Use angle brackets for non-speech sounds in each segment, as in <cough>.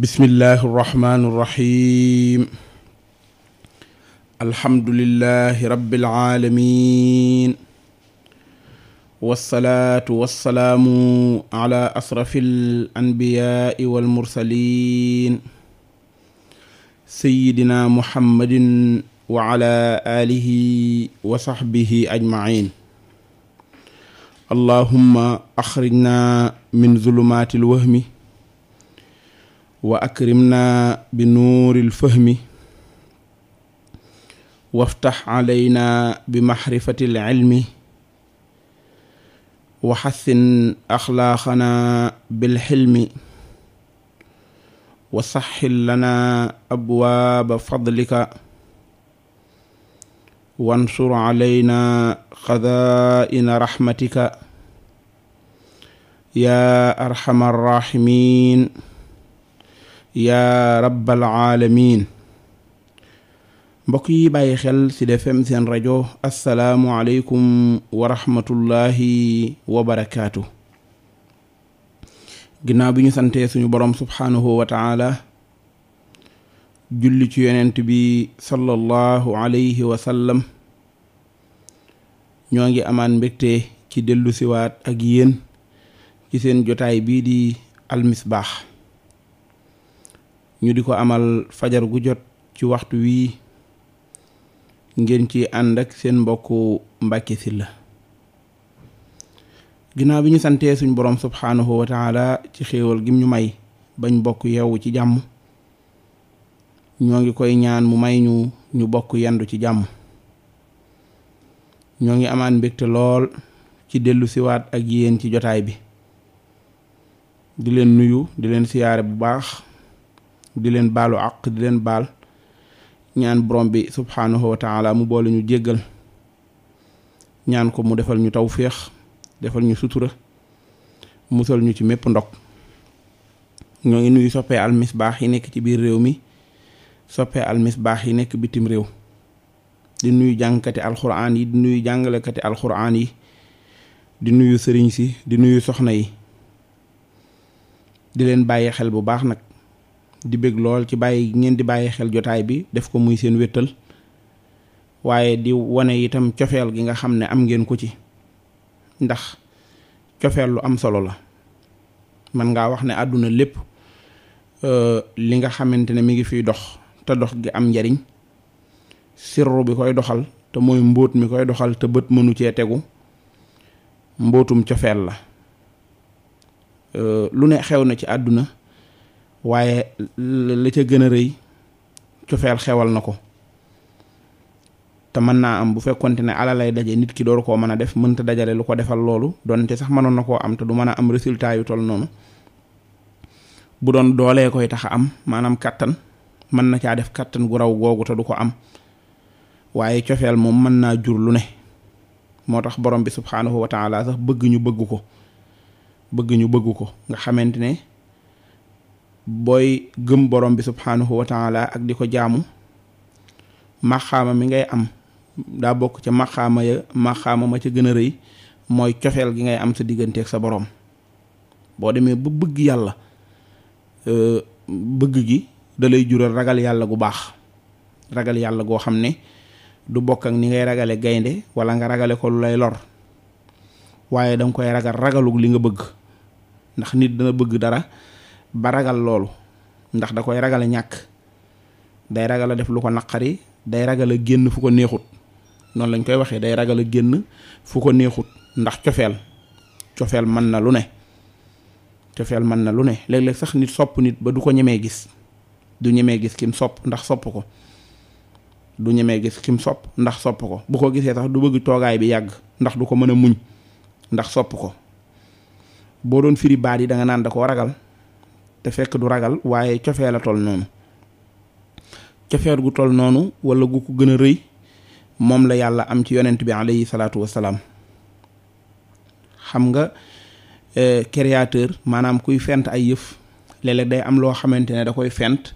bismillahi irrahmani irrahim alhamdulilahi rabilaalamin walsalaatu walsalaamu ala asrafi alanbiyaai walmursalin sayidina muhammadin wa ala alihi wa saxbihi ajmain allahumma axrijna min zulumaati alwahmi wa akrimna bi nuuril fahmi waftax alayna bi maxrifatil ilmi wa xassin axlaaqana bil xilmi wa saxxil lana abwaaba fadlika wansur alayna xazaa'ina raxmatika yaa arxama arraximin yaa rabbal aalamiin mbokk yi bàyyi xel ci Sud FM seen rajo asalaamualeykum wa rahmatullahi wa ginnaaw bi ñu santee suñu boroom subhaanahu wa julli ci yonent bi sallallahu alayhi wa ñoo ngi amaan mbégte ci dellu siwaat ak yéen ci seen jotaay bii di almisbaax ñu di ko amal fajar gu jot ci waxtu wii ngeen ci ànd ak seen mbokku Mbàkke Sylla ginnaaw bi ñu santee suñ boroom subhaanahu wa taala ci xéewal gim ñu may bañ bokk yeewu ci jàmm ñoo ngi koy ñaan mu may ñu ñu bokk yendu ci jàmm ñoo ngi amaan mbégte lool ci dellu siwaat ak yéen ci jotaay bi di leen nuyu di leen siyaare bu baax di leen baalu àq di leen baal ñaan borom bi subhaanahu wa taala mu boole ñu jéggal ñaan ko mu defal ñu taw féex defal ñu sutura musal ñu ci mépp ndog ñoo ngi nuyu soppee almisbaax yi nekk ci biir réew mi soppee almisbaax yi nekk bitim réew di nuyu jàngkati alxuraan yi di nuyu jàngalekati alxuraan yi di nuyu sëriñ si di nuyu soxna yi di leen bàyyi xel bu baax nag di bég lool ci bàyyi ngeen di bàyyi xel jotaay bi def ko muy seen wéttal waaye di wane itam cofeel gi nga xam ne am ngeen ko ci ndax cofeel lu am solo la man ngaa wax ne àdduna lépp euh, li nga xamante ne mi ngi fi dox te dox gi am njariñ sirru bi koy doxal te mooy mbóot mi koy doxal te bët mënu cee tegu mbóotum cofeel la euh, lu ne xew na ci àdduna waaye la ca gën a rëy cofeel xewal na ko te mën naa am bu fekkonte ne alalay daje nit ki door koo mën a def mënta dajale lu ko defal loolu donte sax mënoon na koo am te du mën a am résultat yu toll noonu bu doon doolee koy tax a am maanaam kàttan mën na caa def kàttan gu raw googu te du ko am waaye cofeel moom mën naa jur lu ne moo tax borom bi subxanahu wa taala sax bëgg ñu bëggu ko bëgg ñu bëgg ko nga xamante ne. booy gëm borom bi subhaanahu wa taala ak di ko jaamu maxaama mi ngay am daa bokk ca maxaama ya maxaama ma ca gën a rëy mooy cofeel gi ngay am sa digganteeg sa borom boo demee ba bëgg yàlla euh, bëgg gi da lay jural ragal yàlla gu baax ragal yàlla goo xam ne du bokk ni ngay ragale gaynde wala nga ragale ko lu lay lor waaye danga koy ragal ragalug li nga bëgg ndax nit dana bëgg dara ba ragal loolu ndax da koy ragal a ñàkk day ragal a def lu ko naqari day ragal a génn fu ko neexut noonu lañ koy waxee day ragal a génn fu ko neexut ndax cofeel cofeel mën na lu ne cofeel mën na lu ne léeg-léeg sax nit sopp nit ba du ko ñemee gis du ñemee gis kim sopp ndax sopp ko du ñemee gis kim sopp ndax sopp ko bu ko gisee sax du bëgg toogaay bi yàgg ndax du ko mën a muñ ndax sopp ko boo doon firi baat yi danga naan da koo ragal te fekk du ragal waaye cofee la toll noonu cofeer gu toll noonu wala gu ko gën a rëy moom la yàlla am ci yonent bi alayhi salaatu wasalaam xam nga eh, créateur maanaam kuy fent ay yëf léeg day am loo xamante ne da koy fent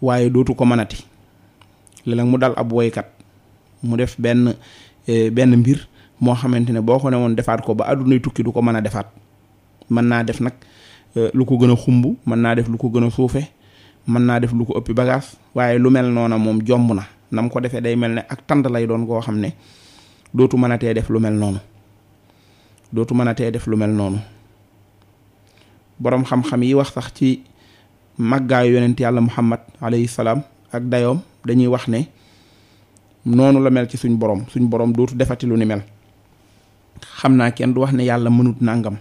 waaye dootu ko mënati léeg-léeg mu dal ab woykat mu def benn eh, benn mbir moo xamante ne boo ko ne woon defaat ko ba àddunay tukki du ko mën a defaat mën naa def nag Euh, lu ko gën a xumb mën naa def lu ko gën a suufe mën naa def lu ko ëppi bagage waaye lu mel noona moom jomb na nam ko defee day mel ne ak tànd doon koo xam ne dootu mën a tee def lu mel noonu dootu mën a tee def lu mel noonu boroom xam yi wax sax ci màggaayu yonent yàlla muhammad alayhi salaam ak dayoom dañuy wax ne noonu la mel ci suñ borom suñ borom dootu defati lu ni mel xam naa kenn du wax ne yàlla mënut nangam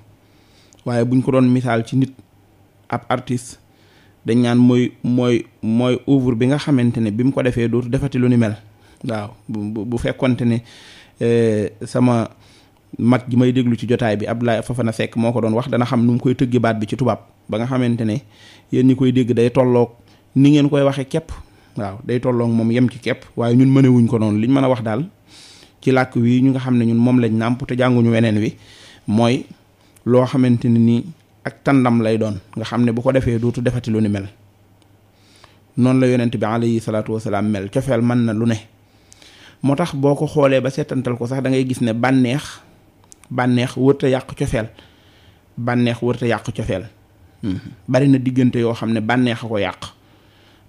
waaye buñ ko doon misaal ci nit ab artiste dañ naan mooy mooy mooy oeuvre bi nga xamante ne bi mu ko defee dootu defati lu ni mel waaw bu bu fekkonte ne eh, sama mag ji may déglu ci jotaay bi Abdoulaye Fafana Seck moo ko doon wax dana xam nu mu koy tëggi baat bi ci tubaab ba nga xamante ne yéen ñi koy dégg day tollook ni ngeen koy waxee képp waaw day tollook moom yem ci kepp waaye ñun mënewuñ ko noonu liñ mën a wax daal ci làkk wii ñu nga xam ne ñun moom lañ nàmp te weneen wi mooy loo xamante ne nii ak tàndam lay doon nga xam ne bu ko defee dootu defati lu ni mel noonu la yonent bi alayhi salaatu wasalaam mel cofeel man na lu ne moo tax boo ko xoolee ba seetantal ko sax dangay gis ne bànneex bànneex wërta yàq cofeel bànneex wërta yàq cofeel hmm. bari na diggante yoo xam ne bànneex a ko yàq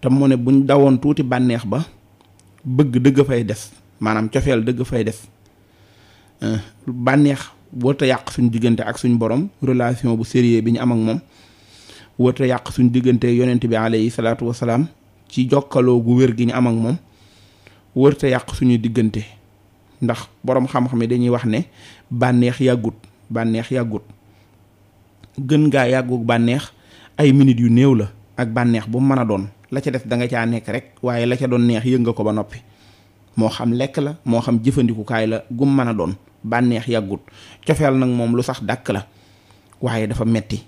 te mu ne buñ dawoon tuuti bànneex ba bëgg dëgg fay des maanaam cofeel dëgg a fay des hmm. bànneex warta yàq suñu diggante ak suñu borom relation bu sérieux bi ñu am ak moom warta yàq suñu diggante yonent bi alayhi salaatu wasalaam ci jokkaloo gu wér gi ñu am ak moom warta yàq suñuy diggante ndax boroom xam-xam yi dañuy wax ne bànneex yàggut bànneex yàggut gën ngaa yàggug bànneex ay minutes yu néew la ak bànneex bu mu mën a doon la ca def da nga caa nekk rek waaye la ca doon neex yëg nga ko ba noppi moo xam lekk la moo xam jëfandikukaay la gum mën a doon bànneex yàggut cofeel nag moom lu sax dàkk la waaye dafa metti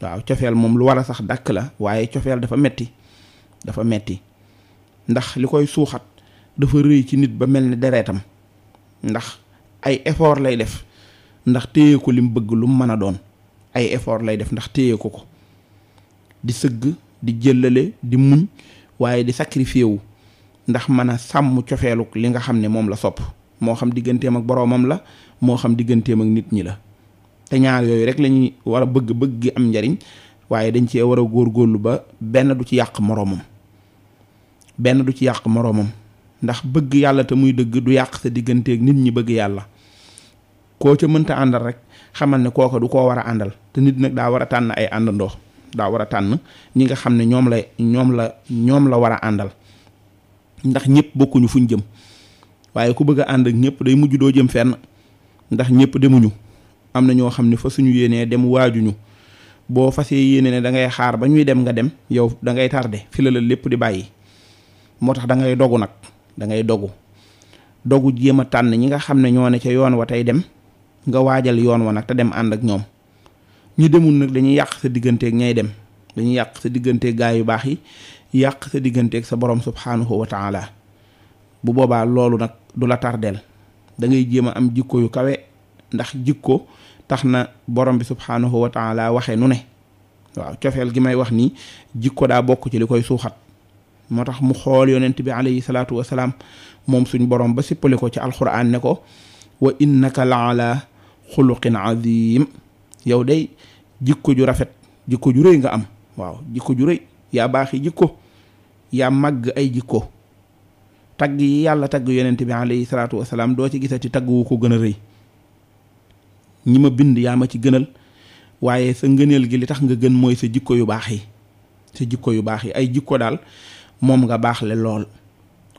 waaw cofeel moom lu war a sax dàkk la waaye cofeel dafa metti dafa metti ndax li koy suuxat dafa rëy ci nit ba mel ni dereetam ndax ay effort lay def ndax téye ko lim bëgg lu mën a doon ay effort lay def ndax téye ko ko di sëgg di jëllale di muñ waaye di sacrifié wu ndax mën a sàmm cofeelu li nga xam ne moom la sopp moo xam digganteem ak boroomam la moo xam digganteem ak nit ñi la te ñaar yooyu rek lañuy war a bëgg bëgg gi am njariñ waaye dañ cee war a góor góorlu ba benn du ci yàq moroomam benn du ci yàq moroomam ndax bëgg yàlla te muy dëgg du yàq sa digganteeg nit ñi bëgg yàlla koo ca mënta àndal rek xamal ne kooka du koo war a àndal te nit nag daa war a tànn ay àndandoo daa war a tànn ñi nga xam ne ñoom la ñoom la ñoom la war a àndal ndax ñépp bokkuñu fu ñu jëm waaye ku bëgg ànd ak ñëpp day mujj doo jëm fenn ndax ñëpp demuñu am na ñoo xam ne fa suñu yéenee dem waajuñu boo fasee yéene ne da ngay xaar ba ñuy dem nga dem yow da ngay tardé fi la lépp di bàyyi moo tax da ngay dogu nag da ngay dogu dogu jéem a tànn ñi nga xam ne ñoo ne ca yoon wa tey dem nga waajal yoon wa nag te dem ànd ak ñoom ñi demul nag dañuy yàq sa digganteeg ñay dem dañu yàq sa digganteeg gaa yu baax yi yàq sa digganteeg sa borom subhanahu wa taala bu boobaa loolu nag du la tardeel da ngay jéem a am jikko yu kawe ndax jikko tax na borom bi subhaanahu wa taala waxee nu ne waaw cofeel gi may wax nii jikko daa bokk ci li koy suuxat moo tax mu xool yonent bi alayhi salaatu wasalaam moom suñ borom ba sippali ko ci alxuraan ne ko wa innaka la ala na azim yow day jikko ju rafet jikko ju réy nga am waaw jikko ju rëy yaa baaxi jikko yaa màgg ay jikko tagg yi yàlla tagg yonent bi alayhi salaatu wasalaam doo ci gisati tagg wu ko gën a rëy ñi ma bind yaa ma ci gënal waaye sa ngëneel gi li tax nga gën mooy sa jikko yu baax yi sa jikko yu baax yi ay jikko daal moom nga baax le lool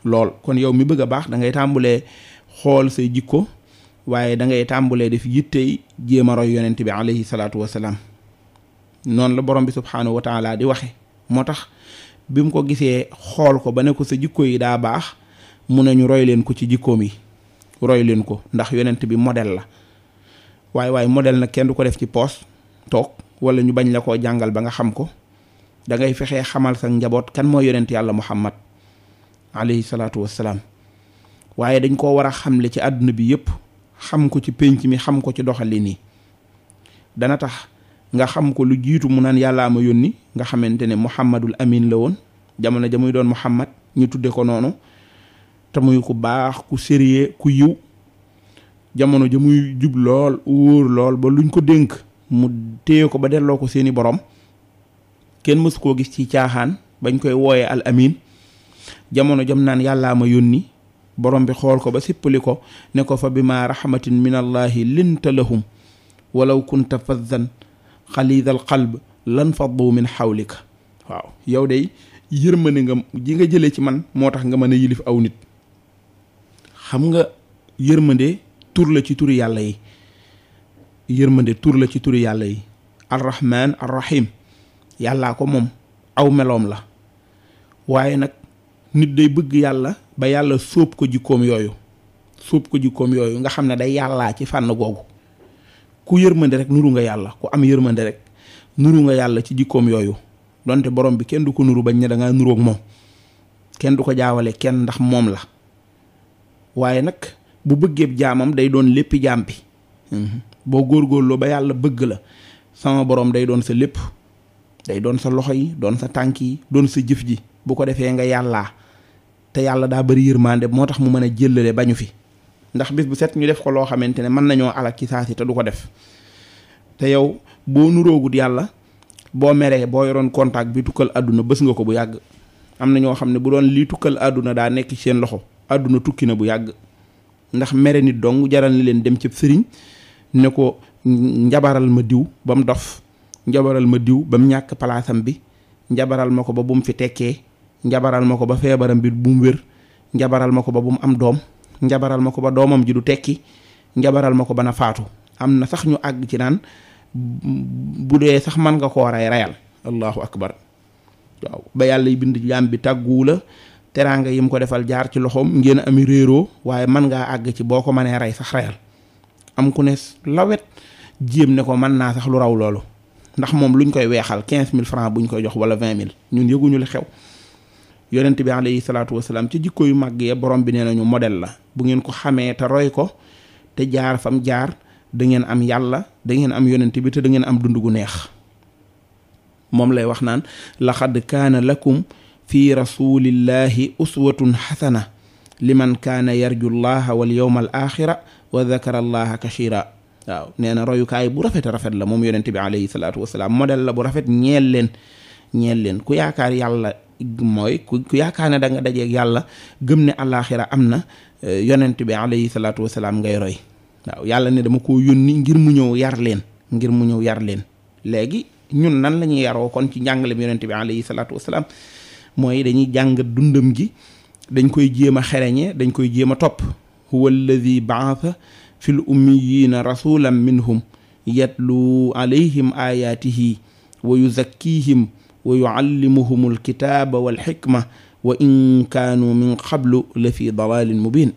lool kon yow mi bëgg a baax da ngay tàmbulee xool say jikko waaye dangay ngay tàmbulee def yittey jéem a roy yonent bi alayhi salaatu wasalaam noonu la borom bi subhaanahu wa taala di waxe moo tax bi mu ko gisee xool ko ba ne ko sa jikko yi daa baax mu ne ñu roy leen ko ci jikkoom yi roy leen ko ndax yonent bi model la waaye waaye model na kenn du ko def ci poos toog wala ñu bañ la koo jàngal ba nga xam ko dangay ngay fexee xamal sa njaboot kenn mooy yonent yàlla muhammad alayhi salaatu wassalaam waaye dañ koo war a xamle ci àdduna bi yépp xam ko ci pénc mi xam ko ci doxalin yi dana tax nga xam ko lu jiitu mu naan yàllaa ma yónni nga xamante ne muhammadul amiin la woon jamono ja muy doon muhammad ñu tudde ko noonu te muy ku baax ku sérieux ku yiw jamono ja muy jub lool wóor lool ba luñ ko dénk mu téye ko ba delloo ko seeni borom kenn mësu koo gis ci caaxaan bañ koy wooyee al amiin jamono jam naan yàllaa ma yónni borom bi xool ko ba sippali ko ne ko fa bi ma rahmatin min allahi linta lahum walaw kunta faddan xalidal qalb lan faddu min xawlika waaw yow de yërmande nga ji nga jëlee ci man moo tax nga mën a yilif aw nit xam nga yërmande tur la ci turi yàlla yi yërmande tur la ci turi yàlla yi arrahman arrahim yàllaa ko moom aw meloom la waaye nag nit day bëgg yàlla ba yàlla sóob ko jikkoom yooyu sóob ko jikkoom yooyu nga xam ne day yàllaa ci fànn googu ku yërmande rek nuru nga yàlla ku am yërmande rek nuru nga yàlla ci jikkoom yooyu donte borom bi kenn du ko nuru bañ ne da ngaa moom kenn du ko jaawale kenn ndax moom la waaye nag bu bëggee jaamam day doon lépp jaam bi mhm. boo góorgóorloo ba yàlla bëgg la sama borom day doon sa lépp day doon sa loxo yi doon sa tànk yi doon sa jëf ji bu ko defee nga yàlla te yàlla daa bëri yërmande moo tax mu mën a jëllale bañu fi ndax bis bu set ñu def ko loo xamante ne mën nañoo alak ci saasi te du ko def te yow boo nuroogut yàlla boo meree boo yoroon contact bi tukkal àdduna bës nga ko bu yàgg am na ñoo xam ne bu doon lii tukkal àdduna daa nekk seen loxo àdduna tukki na bu yàgg ndax mere nit dong jaral na leen dem ci sëriñ ne ko njabaral ma diw ba mu dof njabaral ma diw ba mu ñàkk palaasam bi njabaral ma ko ba bu mu fi tekkee njabaral ma ko ba feebara mbir bu wér njabaral ma ko ba bu mu am doom njabaral ma ko ba doomam ji du tekki njabaral ma ko ba na faatu am na sax ñu àgg ci naan bu dee sax mën nga koo rey reyal allahu akbar waaw ba yàlla bind jaam tàgguwu la teraanga yi mu ko defal jaar ci loxoom ngeen a ami réeroo waaye mën ngaa àgg ci boo ko mënee rey sax reyal am ku ne lawet jéem ne ko mën naa sax lu raw loolu ndax moom luñ koy weexal quinze mille francs buñ koy jox wala vingt mille ñun yëguñu li xew yonent bi alayhi salaatu wasalaam ci jikko yu màgg borom bi nee nañu model la bu ngeen ko xamee te roy ko te jaar fam jaar da ngeen am yàlla da ngeen am yonent bi te da am dund gu neex moom lay wax naan laxad kaana fi rasulillahi uswatun xasana liman kaana yarju llaha wal yowma al axira wa dakara allaha kachira waaw nee na royukaay bu rafet rafet la moom yonente bi alayhi salaatu wasalaam modèle la bu rafet ñeel leen ñeel leen ku yaakaar yàlla mooy ku yaakaar ne da nga dajeeg yàlla gëm ne alaxira am na eh, yonente bi alayhi salaatu wasalaam ngay roy waaw yàlla ne dama ko yónni ngir mu ñëw yar leen ngir mu ñëw yar leen léegi ñun nan la ñuy yaroo kon ci njàngalem yonente bi alayhi salaatu wasalaam mooy dañuy jàng dundam gi dañ koy jéem a xereñe dañ koy jéem a topp huwa alladi baatha fi l ummiyina rasulan minhum yatlu alayhim ayaatihi wa yuzakkihim wa yuallimuhum alkitaaba walxikma wa in kaanu min qablu la fi mubin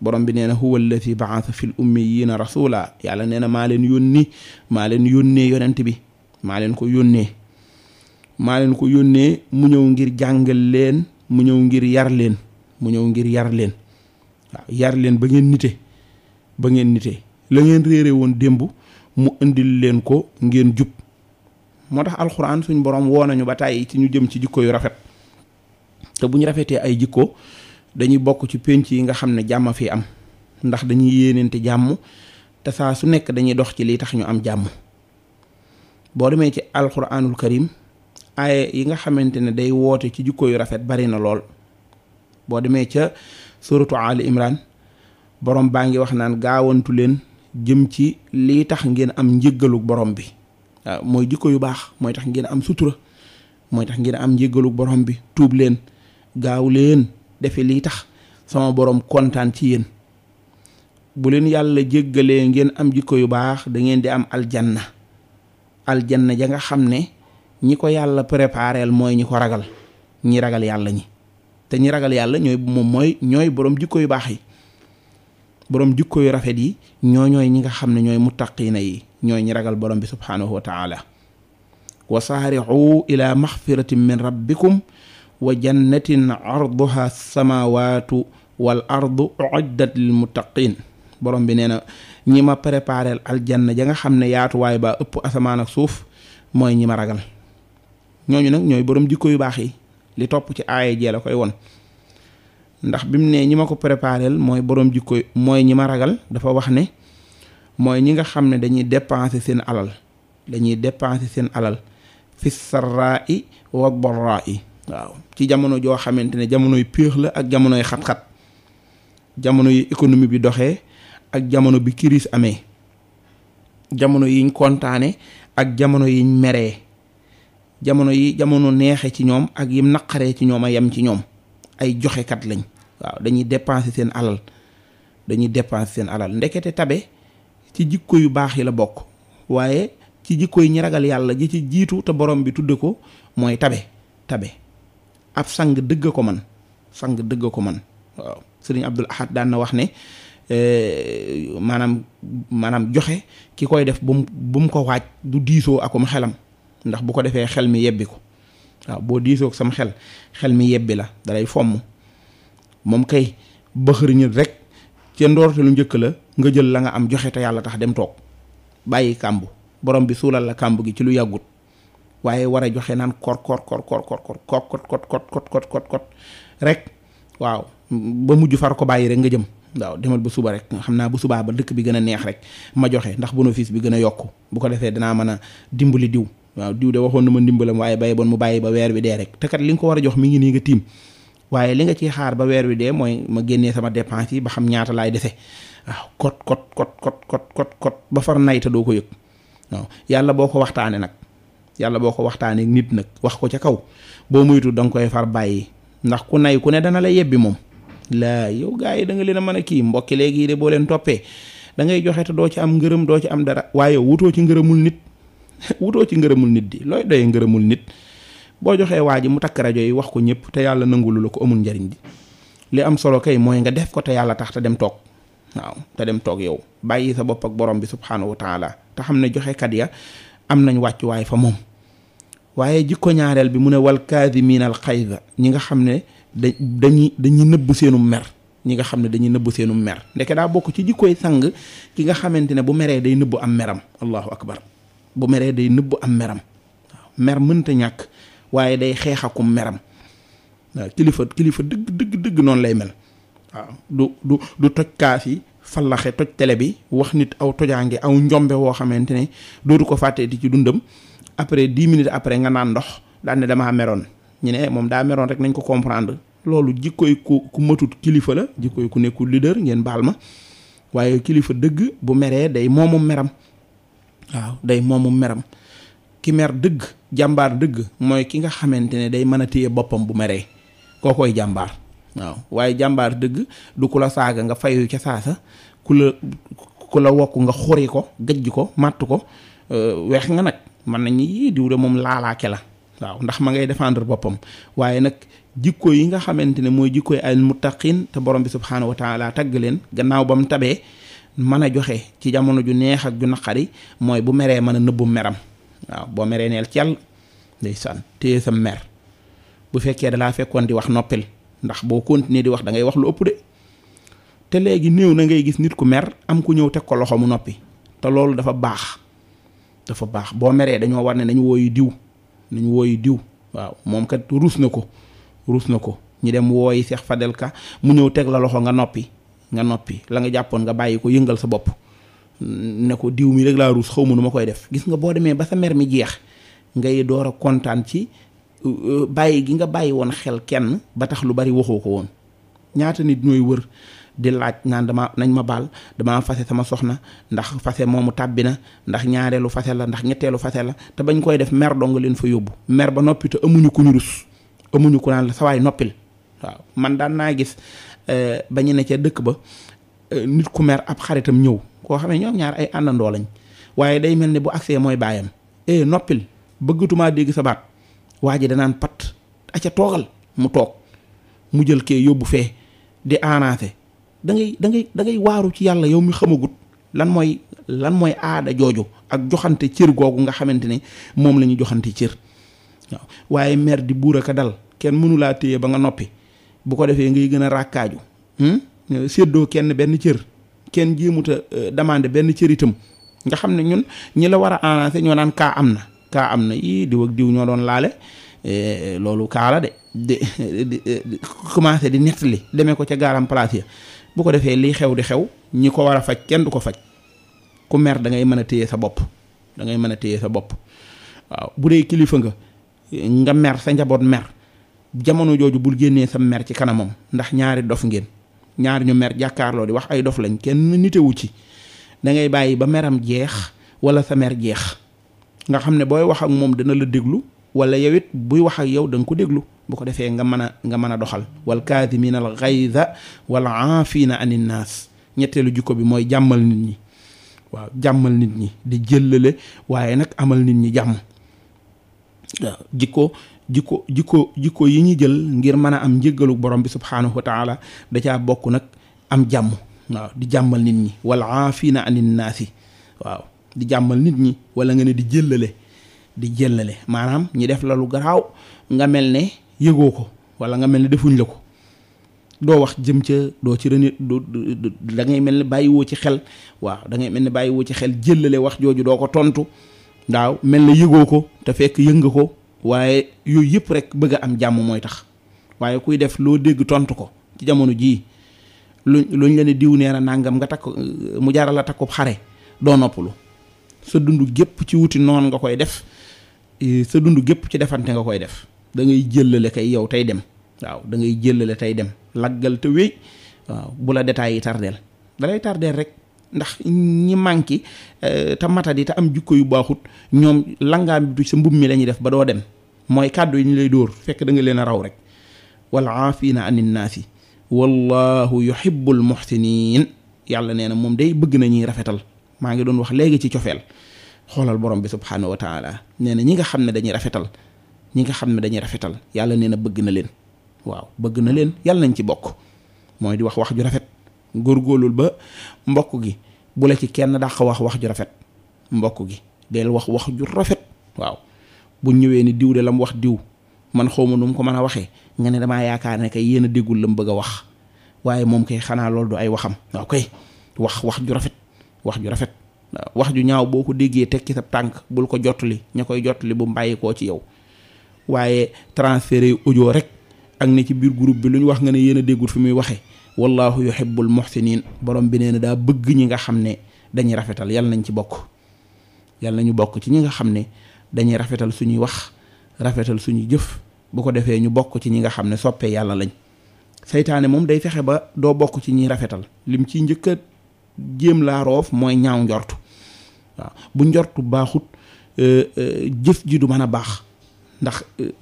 borom bi nee na huwa alladi baatha fi l ummiyina rasula yàlla nee na maa leen yónni maa leen yónnee bi maa leen ko yónnee maa leen ko yónnee mu ñëw ngir jàngal leen mu ñëw ngir yar leen mu ñëw ngir yar leen waaw yar leen ba ngeen nite ba ngeen nite la ngeen réere woon démb mu indil leen ko ngeen jub moo tax alxuraan suñ borom woo nañu ba tàyyi ci ñu jëm ci jikko yu rafet te bu ñu rafetee ay jikko dañuy bokk ci pénc yi nga xam ne jàmm fi am ndax dañuy yéeneente jàmm te saa su nekk dañuy dox ci lii tax ñu am jàmm boo demee ci alxuraanul karim ay yi nga xamante ne day woote ci jikko yu rafet bari na lool boo demee ca suratu Ali Imran borom baa ngi wax naan gaawantu leen jëm ci lii tax ngeen am njëggalu borom bi waaw mooy jikko yu baax mooy tax ngeen am sutura mooy tax ngeen am njëggalu borom bi tuub leen gaaw leen defe lii tax sama borom kontaan ci yéen bu leen yàlla jéggalee ngeen am jikko yu baax da ngeen di am aljanna aljanna ja nga xam ne ñi ko yàlla prépareel mooy ñi ko ragal ñi ragal yàlla ñi te ñi ragal yàlla ñooy moom mooy ñooy borom jikko yu baax yi borom jikko yu rafet yi ñoo ñooy ñi nga xam ne ñooy muttaqiina yi ñooy ñi ragal borom bi subhaanahu wa taala wa saaricu ila maxfiratin min rabbikum wa jannatin arduha samawatu wal ardu uiddat lil muttaqin borom bi nee na ñi ma prépareel aljanna ja nga xam ne yaatuwaay baa ëpp asamaan ak suuf mooy ñi ma ragal ñooñu nag ñooy borom jikko yu baax yi li topp ci aaya jee la koy won ndax bi mu ne ñi ma ko préparel mooy borom jikko mooy ñi ma ragal dafa wax ne mooy ñi nga xam ne dañuy dépenser seen alal dañuy dépenser seen alal fi sarra'i wa dharra'i waaw ci jamono joo xamante ne jamonoy péex la ak jamonoy xat-xat jamono yi économie bi doxee ak jamono bi crise amee jamono yiñ kontaane ak jamono yiñ meree jamono yi jamono neexe ci ñoom ak yim naqaree ci ñoom a yem ci ñoom ay joxekat lañ waaw dañuy dépenser seen alal dañuy dépenser seen alal ndekete tabe ci jikko yu baax yi la bokk waaye ci jikko yi ñu ragal yàlla ji ci jiitu te borom bi tudde ko mooy tabe tabe ab sang dëgg ko man sang dëgg ko man waaw sëriñ Abdul Ahad daan na wax ne eh, maanaam maanaam joxe ki koy def bu mu bu mu ko waaj du diisoo akum xelam ndax bu ko defee xel mi yebbi ko waaw boo diisoog sama xel xel mi yebbi la dalay fomm moom kay ba bëxëriñu rek ca ndoorte lu njëkk la nga jël la nga am joxe te yàlla tax dem toog bàyyi kàmb borom bi suulal la kàmb gi ci lu yàggut waaye war a joxe naan kor kor kor kor kor kor kot kot kot kot kot kot kot rek waaw ba mujj far ko bàyyi rek nga jëm waaw demal ba suba rek xam naa bu subaa ba dëkk bi gën a neex rek ma joxe ndax bénéfice bi gën a yokk bu ko defee danaa mën a dimbali diw waaw diw de waxoon na ma ndimbalam waaye bay bon mu bàyyi ba weer bi dee rek te kat li nga ko war a jox mi ngi nii nga tiim waaye li nga ciy xaar ba weer wi dee mooy ma génnee sama dépense yi ba xam ñaata laay dese waaw kot kot kot kot kot kot ba far nay te doo ko yëg waaw yàlla boo ko waxtaanee nag yàlla boo ko waxtaanee nit nag wax ko ca kaw boo muytu da nga koy far bàyyi ndax ku nay ku ne dana la yebbi moom laa yow gars yi da nga leen a mën a kii mbokki léegi de boo leen toppee da ngay joxe te doo ci am ngërëm doo ci am dara waaye <laughs> wutoo ci ngërëmul nit di looy doyee ngërëmul nit boo joxee waa ji mu takk rajo yi wax ko ñëpp te yàlla nangulu la ko amul njariñ di li am solo kay mooy nga def ko te yàlla tax te dem toog waaw te dem toog yow bàyyi sa bopp ak borom bi subhaanahu wa taala te xam ne joxe kat ya am nañ wàccuwaay fa moom waaye jikko ñaareel bi mu ne wal kaasimiina al xayza ñi nga xam ne da dañuy dañuy nëbb seenu mer ñi nga xam ne dañuy nëbb seenu mer ndeke daa bokk ci jikkoy sang ki nga xamante ne bu meree day nëbb am meram allahu bu meree day nëbb am meram waaw mer mënta ñàkk waaye day xeexakum meram waaw kilifa kilifa dëgg dëgg dëgg noonu lay mel waaw du du du toj kaas yi fallaxe toj télé bi wax nit aw tojaange aw njombe woo xamante ne dootu ko fàtteeti ci dundam après dix minutes après nga naan ndox daan ne damaa meroon ñu ne eh, moom daa meroon rek nañ ko comprendre loolu jikkoy ku ku matut kilifa la jikkoy ku nekku leader ngeen baal ma waaye kilifa dëgg bu meree day moomu meram waaw day moomu meram ki mer dëgg jàmbaar dëgg mooy ki nga xamante ne day mën a téye boppam bu meree koo koy jàmbaar waaw waaye jàmbaar dëgg du ku la saaga nga fayu ca saasa ku la ku la wokk nga xuri ko gëjj ko màtt ko euh, weex nga nag mën nañ yii diw de moom laalaake la waaw ndax ma ngay défendre boppam waaye nag jikko yi nga xamante ne mooy jikko jikkoy al muttaqin te borom bi subhaanahu wa taala tagg leen gannaaw ba mu tabee mën a joxe ci jamono ju neex ak ju naqari mooy bu meree mën a nëbbu meram waaw boo meree neel cel ndeysaan téye sa mer bu fekkee dalaa fekkoon di wax noppil ndax boo continuer di wax dangay wax lu ëpp de te léegi néew na ngay gis nit ku mer am ku ñëw teg ko loxo mu noppi te loolu dafa baax dafa baax boo meree dañoo war ne nañu wooyu diw nañu wooyu diw waaw moom kat ruus na ko ruus na ko ñu dem wooyi Seex Fadel Ka mu ñëw teg la loxo nga noppi nga noppi la nga jàppoon nga bàyyi ko yëngal sa bopp ne ko diw mi rek laa ruus xaw ma nu ma koy def gis nga boo demee ba sa mer mi jeex ngay door a kontaan ci bàyyi gi nga bàyyi woon xel kenn ba tax lu bari waxoo ko woon ñaata nit ñooy wër di laaj naan dama nañ ma baal damaa fase sama soxna ndax fase moomu tàbbi na ndax ñaareelu fase la ndax ñetteelu fase la te bañ koy def mer dong leen fa yóbbu mer ba noppi te amuñu ku ñu rus amuñu ku naan la sa Euh, ba ñu ne ca dëkk ba euh, nit ku mer ab xaritam ñëw koo xam ne ñoom ñaar ay àndandoo lañ waaye day mel ni bu agsee mooy baayam eh noppil bëggatumaa dégg sa baat waa ji danaan pat aca toogal mu toog mu jël kee yóbbu fee di aanaase dangay ngay dangay waaru ci yàlla yow mi xamagut lan mooy lan mooy aada jooju ak joxante cër googu nga xamante ne moom la ñu joxante cër waaw waaye mer di buur ak a dal kenn mënulaa téye ba nga noppi bu ko defee ngay gën a ràkkaaju hmm? séddoo kenn benn cër kenn jéemut a euh, demandé benn cër itam nga xam ne ñun ñi la war a arrangé ñoo naan kaa am na kaa am na yii diw ak diw ñoo doon laale eh, loolu kaa la de de commencé di nettali demee ko ca gaaram place ya bu ko defee liy xew di xew ñi ko war a faj kenn du ko faj ku mer da ngay mën a téye sa bopp da ngay mën a téye sa bopp waaw bu dee kilifa nga nga mer sa njaboot mer jamono jooju bul génnee sa mer ci kanamam ndax ñaari dof ngeen ñaari ñu mer jàkkaarloo di wax ay dof lañ kenn nitewu ci da ngay bàyyi ba meram jeex wala sa mer jeex nga xam ne booy wax ak moom dana la déglu wala yow it buy wax ak yow danga ko déglu bu ko defee nga mën nga mën a doxal wal kaadimina al gayza wal aafina ani naas ñetteelu jikko bi mooy jàmmal nit ñi waaw jàmmal nit ñi di jëllale waaye nag amal nit ñi jàmm waaw jikko jikko jikko yi ñu jël ngir mën a am njëggalu borom bi subhaanahu wa taala da caa bokk nag am jàmm waaw di jàmmal nit ñi wal aafina anin naasi waaw di jàmmal nit ñi wala nga ne di jëllale di jëllale maanaam ñi def la lu garaaw nga mel ne yëgoo ko wala nga mel ne defuñ la ko doo wax jëm ca doo ci rëni da ngay mel ne bàyyiwoo ci xel waaw da ngay mel ne bàyyiwoo ci xel jëllale wax jooju doo ko tontu daaw mel ne yëgoo ko te fekk yëg nga ko waaye yooyu yëpp rek bëgg a am jàmm mooy tax waaye kuy def loo dégg tontu ko ci jamono jii lu luñ la ne diw nee na nangam nga takk mu jaral la takkub xare doo noppalu sa dund gépp ci wuti noon nga koy def e, sa dund gépp ci defante nga koy def dangay ngay jëllale kay yow tey dem waaw da ngay jëllale tey dem laggal te wéy waaw bu la détails yi tardeel da lay tardeel ndax ñi manqué euh, te matadi te am jukko yu baaxut ñoom langaam bi sa mbub mi lañuy def ba doo dem mooy kàddu yi ñu lay dóor fekk danga leen a raw rek wal aafina an innaasi wallahu yuhibbul muhsinin yàlla nee na moom day bëgg na ñuy rafetal maa ngi doon wax léegi ci cofeel xoolal borom bi subhaanahu wa taala nee na ñi nga xam ne dañuy rafetal ñi nga xam ne dañuy rafetal yàlla nee na bëgg na leen waaw bëgg na leen yàlla nañ ci bokk mooy di wax wax ju rafet góor góorlul ba mbokk gi bu la ci kenn dàq wax wax ju rafet mbokk gi del wax wax ju rafet waaw bu ñëwee ni diw de la mu wax diw man xaw ma nu mu ko mën a waxee nga ne damaa yaakaar ne kay yéen a déggul la mu bëgg a wax waaye moom kay xanaa loolu du ay waxam waaw kay wax wax ju rafet wax ju rafet wax ju ñaaw boo ko déggee teg ci sa tànk bul ko jottali ña koy jottali bu mu koo ci yow waaye yu audio rek ak ne ci biir groupe bi lu ñu wax nga ne yéen a déggul fi muy waxee wallahu yuhibbul muhsinin borom bi nee na daa bëgg ñi nga xam ne dañuy rafetal yàlla nañ ci bokk yal nañu bokk ci ñi nga xam ne dañuy rafetal suñuy wax rafetal suñuy jëf bu ko defee ñu bokk ci ñi nga xam ne soppee yàlla lañ seytaane moom day fexe ba doo bokk ci ñuy rafetal lim ciy njëkk a jéem laa roof mooy ñaaw njortu waaw bu njortu baaxut euh, euh, jëf ji du mën a baax ndax euh,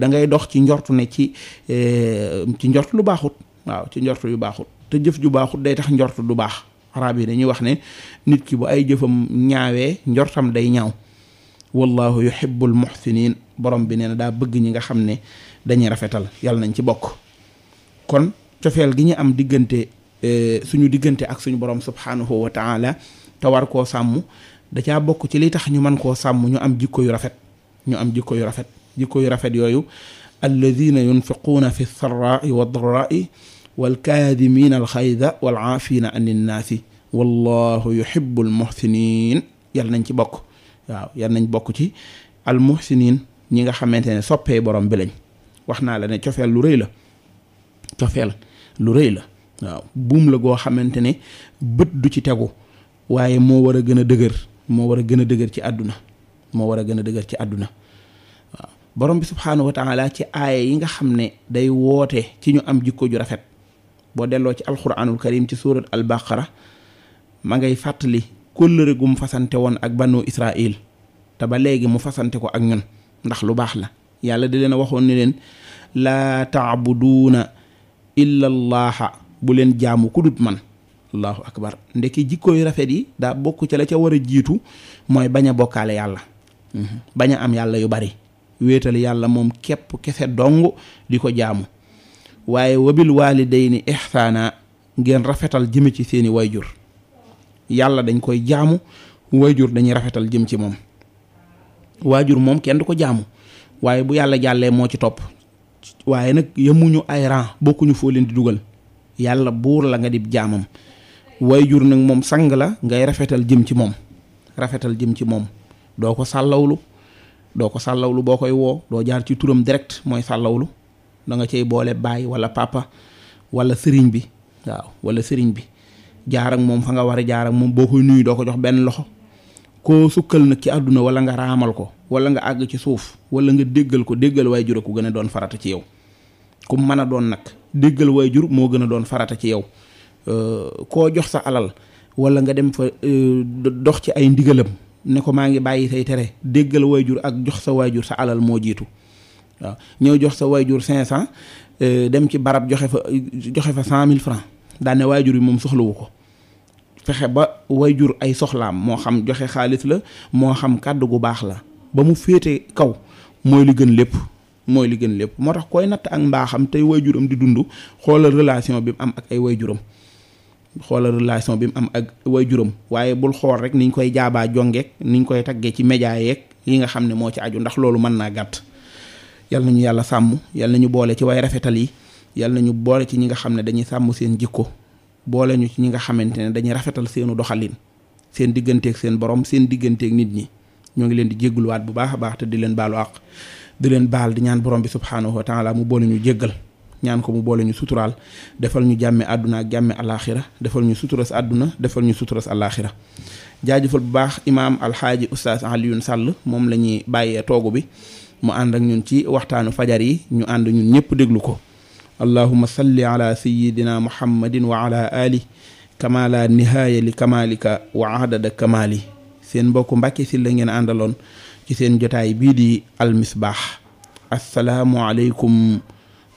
da ngay dox ci njortu ne ci ci njortu lu baaxut waaw ci njort yu baaxut te jëf ju baaxut day tax njort du baax arab yi dañuy wax ne nit ki bu ay jëfam ñaawee njortam day ñaaw wallahu yuhibbul muhsinin borom bi nee daa bëgg ñi nga xam ne dañuy rafetal yàlla nañ ci bokk kon cofeel gi ñu am diggante eh, suñu diggante ak suñu borom subhanahu wa taala te war koo sàmm da caa bokk ci liy tax ñu mën koo sàmm ñu am jikko yu rafet ñu am jikko yu rafet jikko yu rafet yooyu alladina yunfiquuna fi wa lsarraai waddaraai walkaadimina alxayda walcaafina an innaasi wallahu yuhibu almuhsinin yal nañ ci bokk waaw yal nañ bokk ci almuhsinin ñi nga xamante ne soppee borom bi lañ wax naa la ne cofeel lu rëy la cofeel lu rëy la waaw buum la goo xamante ne bët du ci tegu waaye moo war a gën a dëgër moo war a gën a dëgër ci àdduna moo war a gën a dëgër ci àdduna borom bi subxanahu wa ta'ala ci aaya yi nga xam ne day woote ci ñu am jikko ju rafet boo delloo ci alquranul karim ci surat al baqara ma ngay fàttali kóllëre gum fasante woon ak banu israil te ba léegi mu fasante ko ak ñun ndax lu baax la yàlla di leen waxoon ni leen laa taabuduuna illa allaha bu leen jaamu ku dut man allahu akbar ndeki jikko yu rafet yi daa bokk ca la ca war a jiitu mooy bañ a bokkaale yàlla mhm. bañ am yàlla yu bari wéetal yàlla moom képp kese dong di ko jaamu waaye wabil waalidayni ixsaana ngeen rafetal jëme ci seeni wayjur yàlla dañ koy jaamu wayjur dañuy rafetal jëm ci moom waajur moom kenn du ko jaamu waaye bu yàlla jàllee moo ci topp waaye nag yemuñu ay ran bokkuñu foo leen di dugal yàlla buur la nga di jaamam wayjur nag moom sang la ngay rafetal jëm ci moom rafetal jëm ci moom doo ko sàllawlu doo ko sàllawlu boo koy woo doo jaar ci turam direct mooy sàllawlu da nga cay boole baay wala papa wala sëriñ bi waaw wala sëriñ bi jaar ak moom fa nga war a jaar moom boo koy nuyu doo ko jox benn loxo koo sukkal nag ki àdduna wala nga raamal ko wala nga àgg ci suuf wala nga déggal ko déggal waajur ko gën a doon farata ci yow ku mën a doon nag déggal waajur moo gën a doon farata ci yow euh, koo jox sa alal wala nga dem fa euh, dox ci ay ndigalam ni ko maa ngi bàyyi say tere déggal waajur ak jox sa waajur sa alal moo jiitu waaw ñëw jox sa waajur cinq cent euh, dem ci barab joxe fa joxe fa cent mille francs daane waajur yi moom soxlawu ko fexe ba waajur ay soxlaam moo xam joxe xaalis la moo xam kàddu gu baax la ba mu féete kaw mooy li gën lépp mooy li gën lépp moo tax koy natt ak mbaaxam tey waajuram di dund xoolal relation bi mu am ak ay waajuram xoolal relation bi mu am ak way juróom waaye bul xool rek ñu koy jaabaa jongeek ñu koy taggee ci média yeeg yi nga xam ne moo ci aju ndax loolu mën naa gàtt yal na ñu yàlla sàmm yal ñu boole ci way rafetal yi yal nañu boole ci ñi nga xam ne dañuy sàmm seen jikko boole ñu ci ñi nga xamante ne dañuy rafetal seenu doxalin seen digganteeg seen borom seen digganteeg nit ñi ñoo ngi leen di jéggluwaat bu baax a baax te di leen baalu àq di leen baal di ñaan borom bi subhaanahu wa taala mu boole ñu jéggal ñaan ko mu boole ñu suturaal defal ñu jàmme àdduna ak jàmme alaaxira defal ñu suturas àdduna defal ñu suturas alaaxira jaajëfal bu baax imaam alxaaji oustaz Alioune Sall moom la ñuy bàyyee toogu bi mu ànd ak ñun ci waxtaanu fajar yi ñu ànd ñun ñëpp déglu ko allahuma salli ala sayidina muhammadin wa ala ali kama la nihaaya li kamalika wa adada kamali seen mbokku Mbàkke Sylla ngeen àndaloon ci seen jotaay bii di almisbaax asalaamualeykum